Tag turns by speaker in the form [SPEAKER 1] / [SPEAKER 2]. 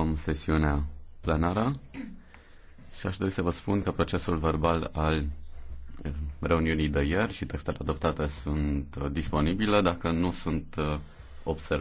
[SPEAKER 1] Reluăm sesiunea plenară și aș dori să vă spun că procesul verbal al reuniunii de ieri și textele adoptate sunt uh, disponibile
[SPEAKER 2] dacă nu sunt uh, observate.